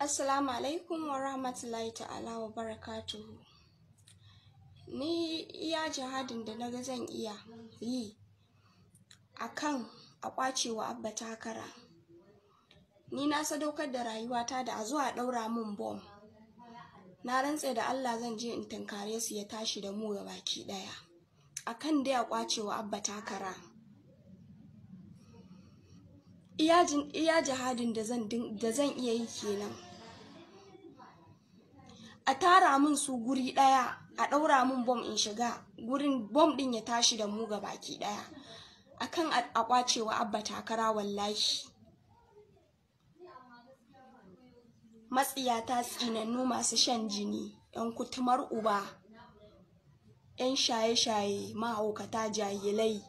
Assalamu alaikum wa rahmatullahi ta'ala wa barakatuhu. Ni iya jihadin da naga zan iya yi a kan a ƙwacewa abba takara. Ni na sadaukar da rayuwata da a zuwa ɗaura min bom. Na rantse da Allah zan je in tankare su ya tashi da mu ga baki ɗaya. A kan dai a ƙwacewa abba takara. Iya jihadin da zan iya yi kenan. a tara min su guri ɗaya a ɗaura min bom in shiga gurin bom ɗin ya tashi da mu ga baki ɗaya akan a kwacewa abba takara wallahi matsiyata tsinannu masu shan jini yan kutumar uba yan shaye-shaye mahaukata jahilai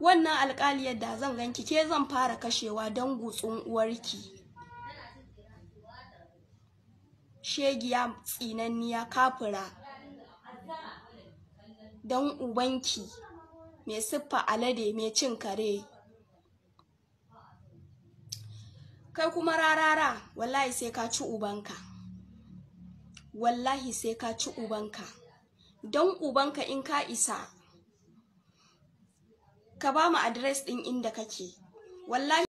wannan alkaliyar da zan ganki ke zan fara kashewa don gutsun uwarki shegiya tsinanniya kafura don ubanki mai siffa alade mai cin kare kai kuma rarara wallahi sai ka ci ubanka wallahi sai ka ci ubanka don ubanka in ka isa ka ba mu adres ɗin inda kake wallahi